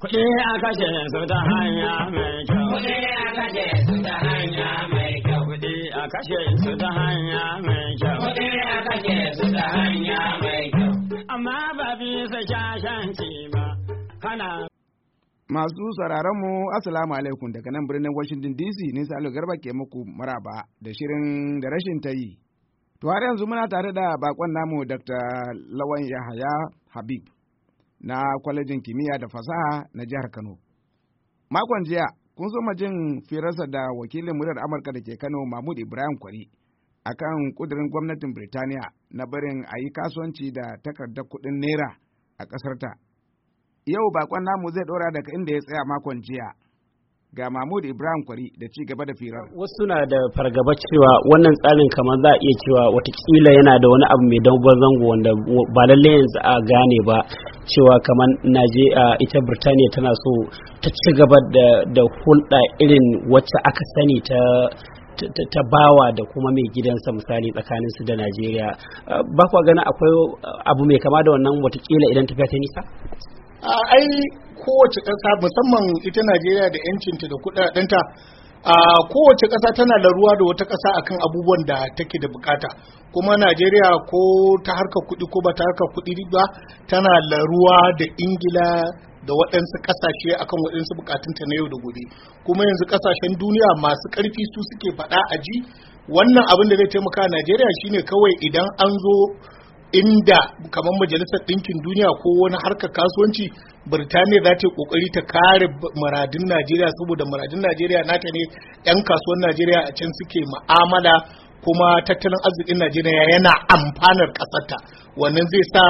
Kuɗi a kashe su ta hanya mai kyau. Kuɗi a kashe su ta hanya mai kyau. Kuɗi a kashe su ta hanya mai kyau. Kuɗi a kashe su ta hanya mai kyau. Amma ba bisa shashanci ba, kana. Masu mu Assalamu alaikum daga nan birnin Washington DC ne Salo Garba ke muku maraba da shirin da rashin ta yi. To har yanzu muna tare da bakon namu Dr. Lawan Yahaya Habib. na kwalejin kimiyya da fasaha na jihar Kano. Makon jiya kun zo jin firarsa da wakilin muryar Amurka da ke Kano Mahmud Ibrahim Kwari a kan ƙudurin gwamnatin Birtaniya na barin a yi kasuwanci da takardar kuɗin naira a ƙasarta. Yau bakon namu zai ɗora daga inda ya tsaya makon jiya. ga Mahmud Ibrahim Kwari da ci gaba da firar. Wasu suna da fargaba cewa wannan tsarin kamar za a iya cewa watakila yana da wani abu mai dogon zango wanda ba lallai yanzu a gane ba cewa kamar naje ita birtaniya tana so ta ci gaba da hulɗa irin wacce aka sani ta ta bawa da kuma mai gidansa misali tsakanin su da Najeriya ba kwa gana akwai abu mai kama da wannan watakila idan tafiya ta nisa? ai kowace ƙasa musamman ita Najeriya da 'yancinta da ta. a kowace ƙasa tana laruwa da wata ƙasa akan abubuwan da take da bukata kuma najeriya ko ta harka kuɗi ko ba ta harka kuɗi ba tana laruwa da ingila da waɗansu ƙasashe akan waɗansu bukatunta na yau da gobe kuma yanzu ƙasashen duniya masu ƙarfi su suke faɗa a ji wannan abin da zai taimaka najeriya shine kawai idan an zo inda kamar majalisar ɗinkin duniya ko wani harkar kasuwanci birtaniya za ta yi ƙoƙari ta kare muradun najeriya saboda muradun najeriya nata ne 'yan kasuwan najeriya a can suke ma'amala kuma tattalin arzikin najeriya yana amfanar ƙasarta wannan zai sa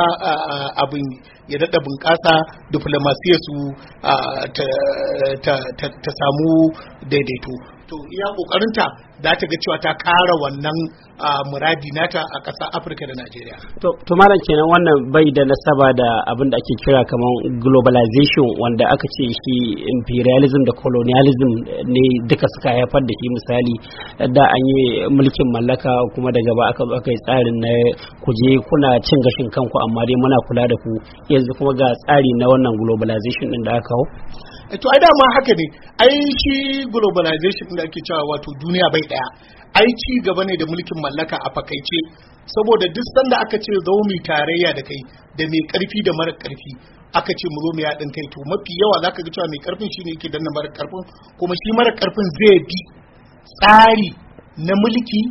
abin ya daɗa bunƙasa diflomasiyar su ta samu daidaito to iya kokarinta za ta ga cewa ta kara wannan muradi nata a ƙasa afirka da najeriya to malam kenan wannan bai da nasaba da abin da ake kira kamar globalization wanda aka ce shi imperialism da colonialism ne duka suka haifar da shi misali da an yi mulkin mallaka kuma daga ba aka zo aka yi tsarin na kuje kuna cin gashin kanku amma dai muna kula da ku yanzu kuma ga tsari na wannan globalization din da aka hau Eh, to ai dama haka ne ai shi globalization da ake cewa wato duniya bai daya ai ci gaba ne da mulkin mallaka a fakaice saboda duk sanda aka ce zo mu tarayya da kai da mai karfi da mara karfi aka ce mu zo mu yaɗin kai to mafi yawa zaka ga cewa mai karfin shine yake danna mara karfin kuma shi mara karfin zai bi tsari na mulki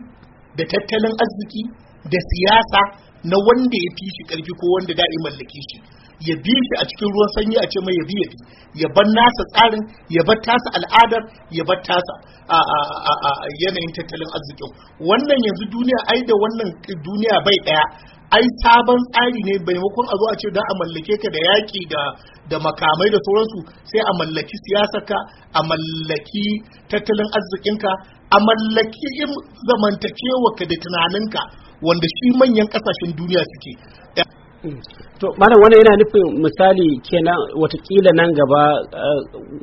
da tattalin arziki da siyasa na wanda ya fi shi karfi ko wanda da'i mallake shi ya bi shi a cikin ruwan sanyi a ce mai ya bi ya bi ya bar nasa tsarin ya bar tasa al'adar ya bar tasa a yanayin tattalin arzikin wannan yanzu duniya ai da wannan duniya bai daya ai sabon tsari ne maimakon a zo a ce da a mallake ka da yaƙi da da makamai da sauransu sai a mallaki ka a mallaki tattalin arzikin ka a mallaki zamantakewa ka da tunanin ka wanda shi manyan kasashen duniya suke to malam wani yana nufin misali kenan watakila nan gaba eh,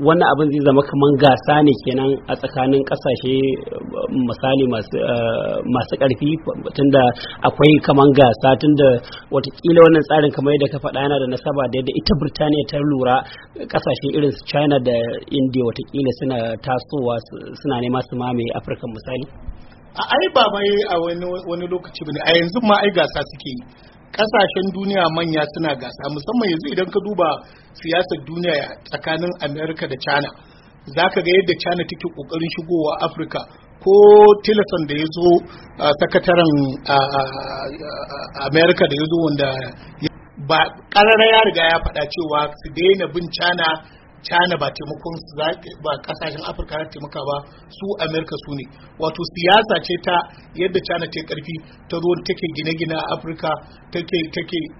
wani abin zai zama kaman gasa ne kenan a tsakanin kasashe misali masu karfi eh, tunda akwai kaman gasa tunda watakila wannan tsarin kamar yadda ka faɗa yana da nasaba da yadda ita birtaniya ta lura kasashe irin su china da india watakila suna tasowa suna nema su mamaye afirka misali ai ba mai a wani lokaci bane a yanzu ma ai gasa suke kasashen duniya manya suna gasa musamman yanzu idan ka duba siyasar duniya tsakanin america da china za ka ga yadda china take kokarin shigowa afirka ko tilson da ya zo sakataren america da ya zo wanda ba karara ya riga ya faɗa cewa su daina bin china china ba taimakon ba kasashen afirka na taimaka ba su amerika su ne wato siyasa ce ta yadda china ta karfi ta ruwan take gine-gine a afirka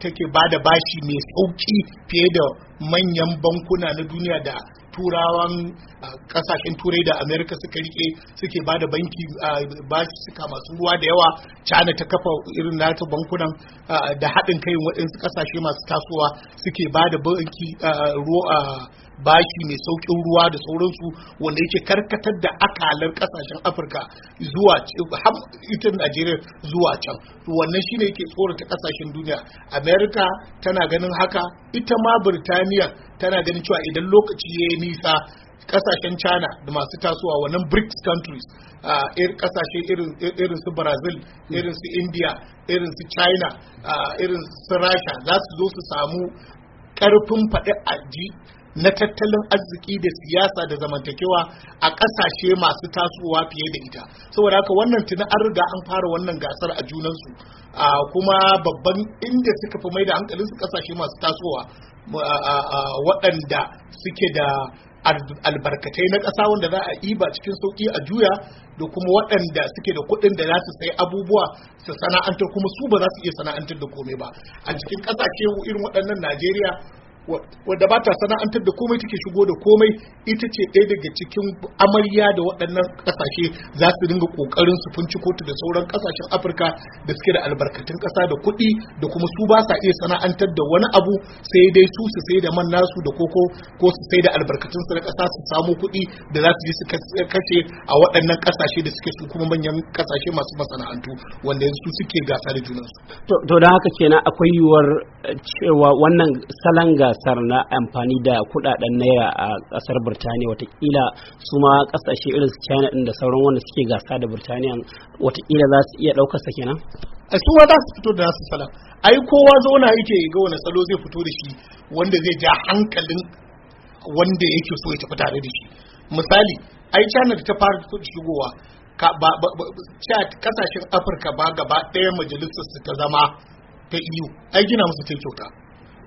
take ba da bashi mai sauki fiye da manyan bankuna na duniya da turawan kasashen turai da amerika suka rike suke ba da banki bashi suka masu ruwa da yawa china ta kafa irin nata bankunan da haɗin kai waɗansu kasashe masu tasowa suke ba da banki ruwa bashi mai saukin ruwa da sauransu wanda yake karkatar da akalar kasashen afirka zuwa ita najeriya zuwa can wannan shine yake tsorata kasashen duniya Amerika tana ganin haka ita ma birtaniya tana ganin cewa idan lokaci ya yi nisa kasashen china da masu tasowa wannan brics countries kasashe irin su brazil irin su india irin su china irin su rasha za su zo su samu karfin faɗi aji na tattalin arziki da siyasa da zamantakewa a ƙasashe masu tasowa fiye da ita saboda haka wannan tuni an riga an fara wannan gasar a junansu kuma babban inda suka fi mai da su ƙasashe masu tasowa waɗanda suke da albarkatai na ƙasa wanda za a iba cikin sauƙi a juya da kuma waɗanda suke da kuɗin da za su sayi abubuwa su sana'antar kuma su ba za su iya sana'antar da komai ba a cikin ƙasashe irin waɗannan najeriya wadda ba ta sana'antar da komai take shigo da komai ita ce ɗaya daga cikin amarya da waɗannan ƙasashe za su dinga ƙoƙarin su funci kotu da sauran ƙasashen afirka da suke da albarkatun ƙasa da kuɗi da kuma su ba sa iya sana'antar da wani abu sai dai su su sai da man nasu da koko ko su sai da albarkatun su na ƙasa su samu kuɗi da za su je su kashe a waɗannan ƙasashe da suke su kuma manyan ƙasashe masu masana'antu wanda su suke gasa da junansu. to don haka kenan akwai yiwuwar eh, cewa wannan salon gasar na amfani da kudaden naira a kasar birtaniya watakila su ma kasashe irin su china din da sauran wanda suke gasa da birtaniya watakila za su iya daukar sa kenan a su za su fito da nasu salam ai kowa zauna yake ga wani salo zai fito da shi wanda zai ja hankalin wanda yake so ya tafi tare da shi misali ai china da ta fara shigowa kasashen afirka ba gaba ɗaya majalisar su ta zama ta iyu e ai gina musu ta kyauta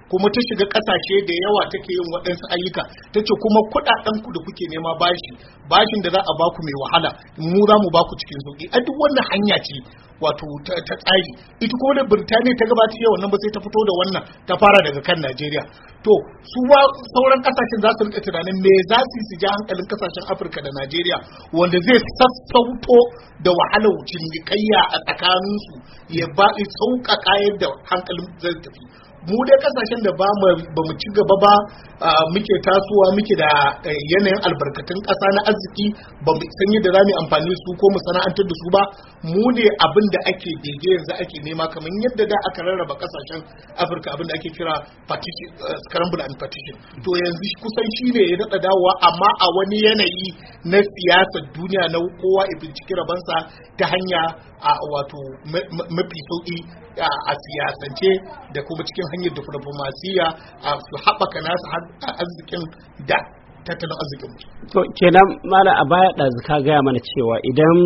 kuma ta shiga kasashe da yawa take yin waɗansu ayyuka ta ce kuma kuɗaɗen ku da kuke nema bashi bashin da za a baku mai wahala mu za mu baku cikin sauƙi a duk wannan hanya ce wato ta tsari ita kuma da birtaniya ta gabata yau nan ba sai ta fito da wannan ta fara daga kan najeriya to su ba sauran kasashen za su rika tunanin me za su su ja hankalin kasashen afirka da najeriya wanda zai sassauto da wahalar cinikayya a tsakaninsu ya ba sauƙaƙa yadda hankalin zai tafi mu dai kasashen da ba mu ci gaba ba muke tasowa muke da eh, yanayin albarkatun ƙasa na arziki ba mu san yadda za mu amfani su ko mu sana'antar da su ba mu ne abin da ake bege yanzu ake nema kamar yadda da aka rarraba kasashen afirka abin da ake kira eh, scramble and partition to yanzu kusan shi ne ya daɗa dawowa amma a wani yanayi na siyasar duniya na kowa ya binciki rabansa ta hanya a wato mafi sauƙi a siyasance da kuma cikin hanyar diflomasiya a haɓaka nasu arzikin da tattalin arzikin to kenan mala a baya ɗazu ka gaya mana cewa idan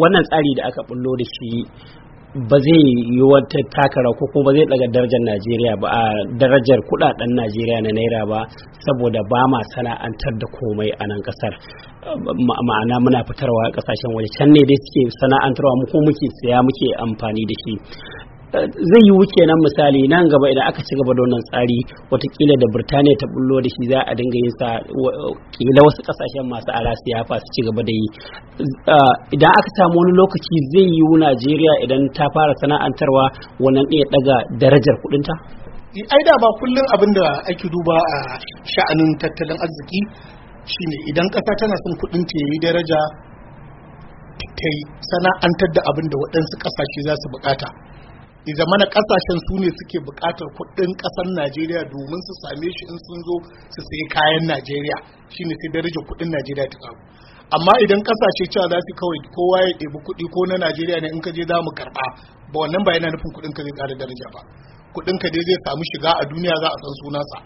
wannan tsari da aka bullo da shi ba zai yi wata takara ko kuma ba zai daga darajar Najeriya ba a darajar kudaden Najeriya na naira ba saboda ba ma sana'antar da komai a nan kasar ma'ana muna fitarwa kasashen waje can ne dai suke sana'antarwa mu ko muke saya muke amfani da shi zai yi wuce nan misali nan gaba idan aka ci gaba da wannan tsari watakila da birtaniya ta bullo da shi za a dinga yin sa kila wasu kasashen masu ara yafa su ci gaba da yi idan aka samu wani lokaci zai yi najeriya idan ta fara sana'antarwa wannan ɗaya daga darajar kudinta ai da ba kullum abin da ake duba a sha'anin tattalin arziki shine idan kasa tana son kudin ta yi daraja ta yi sana'antar da abin da waɗansu kasashe za su bukata i na kasashen su ne suke bukatar kudin kasar najeriya domin su same shi in sun zo su sayi kayan najeriya shine sai darajar kudin najeriya ta kawo amma idan kasashe cewa za su kawai kowa ya ɗebi kuɗi ko na najeriya ne in ka je za mu karɓa ba wannan ba yana nufin kuɗin ka zai ƙara daraja ba kuɗin ka dai zai samu shiga a duniya za a san sunansa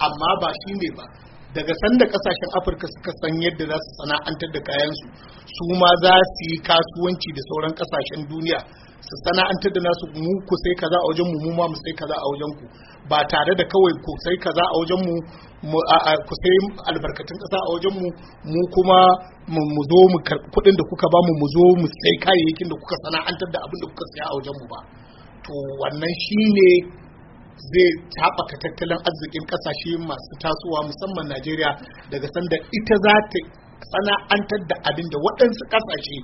amma ba shi ne ba daga sanda kasashen afirka suka san yadda za su sana'antar da kayansu su ma za su yi kasuwanci da sauran kasashen duniya su sana'antar da nasu mu ku sai kaza a wajen mu mu ma mu sai kaza a wajen ku ba tare da kawai ku sai kaza a wajen mu ku sai albarkatun kasa a wajen mu mu kuma mu zo mu karɓi kuɗin da kuka ba mu mu zo mu sai kayayyakin da kuka sana'antar da abin da kuka saya a wajen mu ba to wannan shine zai haɓaka tattalin arzikin ƙasashe masu tasowa musamman najeriya daga sanda ita za ta sana'antar da abin da waɗansu ƙasashe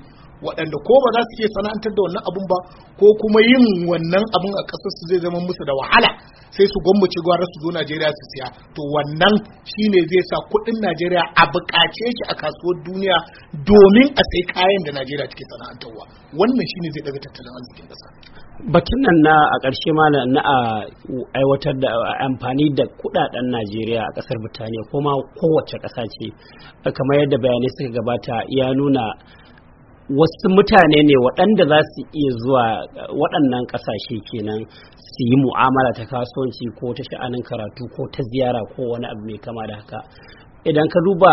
waɗanda ko ba za su iya sana'antar da wannan abun ba ko kuma yin wannan abun a ƙasar su zai zama musu da wahala sai su gwammace gwara su zo Najeriya su siya to wannan shine zai sa kuɗin Najeriya a buƙace shi a kasuwar duniya domin a sai kayan da Najeriya take sana'antarwa wannan shine zai daga tattalin arzikin ƙasa batun nan na a ƙarshe malam na a aiwatar da amfani da kudaden najeriya a ƙasar birtaniya ma kowace ƙasa ce kamar yadda bayanai suka gabata ya nuna wasu mutane ne waɗanda za su iya zuwa waɗannan ƙasashe kenan su yi mu'amala ta kasuwanci ko ta sha'anin karatu ko ta ziyara ko wani abu mai kama da haka idan ka duba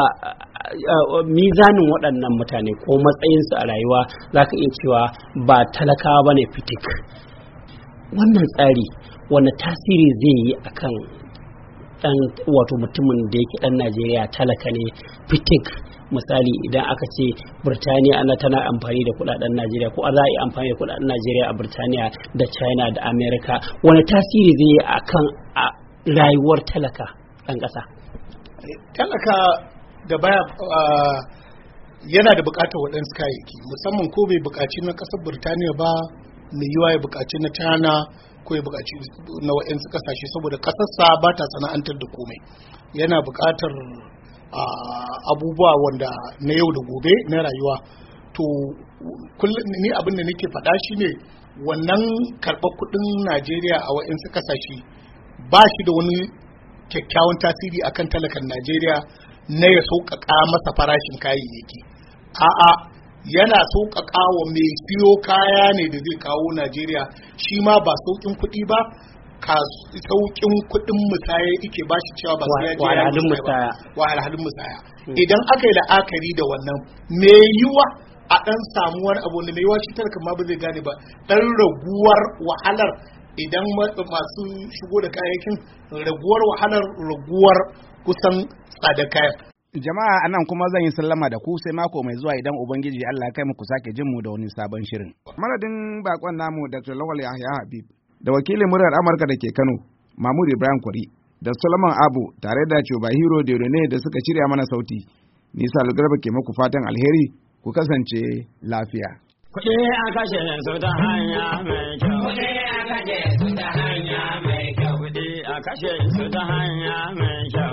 mizanin waɗannan mutane ko matsayinsu a rayuwa za ka iya cewa ba talaka ba ne fitik wannan tsari wani tasiri zai yi akan ɗan wato mutumin da yake ɗan najeriya talaka ne fitik misali idan aka ce birtaniya ana tana amfani da kudaden najeriya ko za a yi amfani da kudaden najeriya a birtaniya da china da amerika wani tasiri zai yi akan rayuwar talaka ɗan ƙasa. talaka da baya yana da bukatar waɗansu kayayyaki musamman ko bai bukaci na ƙasar Birtaniya ba mai yiwa ya bukaci na china ko ya bukaci na waɗansu ƙasashe saboda ƙasarsa ba ta sana'antar da komai yana bukatar abubuwa wanda na yau da gobe na rayuwa to ni abin da nake faɗa ne wannan karɓar kuɗin najeriya a waɗansu ƙasashe ba shi da wani kyakkyawan tasiri akan talakan Najeriya na ya sauƙaƙa masa farashin kayayyaki a'a yana sauƙaƙa wa mai siyo kaya ne da zai kawo Najeriya shi ma ba sauƙin kuɗi ba ka sauƙin kuɗin musaya ike ba shi cewa ba su yaje wahalhalin musaya wahalhalin musaya hmm. idan aka yi la'akari da wannan me yiwa a ɗan samuwar abu ne mai yiwa shi talakan ma ba zai gane ba ɗan raguwar wahalar idan masu shigo da kayayyakin raguwar wahalar raguwar kusan tsada kayan. Jama'a anan kuma zan yi sallama da ku sai mako mai zuwa idan Ubangiji Allah kai mu muku sake jin mu da wani sabon shirin. Manadin bakon namu Dr. Lawal Yahya Habib da wakilin muryar Amurka da ke Kano, Mahmud Ibrahim Kwari da Solomon Abu tare da Chubahiro Dedone da suka shirya mana sauti. Nisa Lugarba ke muku fatan alheri ku kasance lafiya. Kuɗi a kashe su ta hanya mai kyau. Kuɗi a kashe su ta hanya mai kyau. Kuɗi a kashe su ta hanya mai kyau.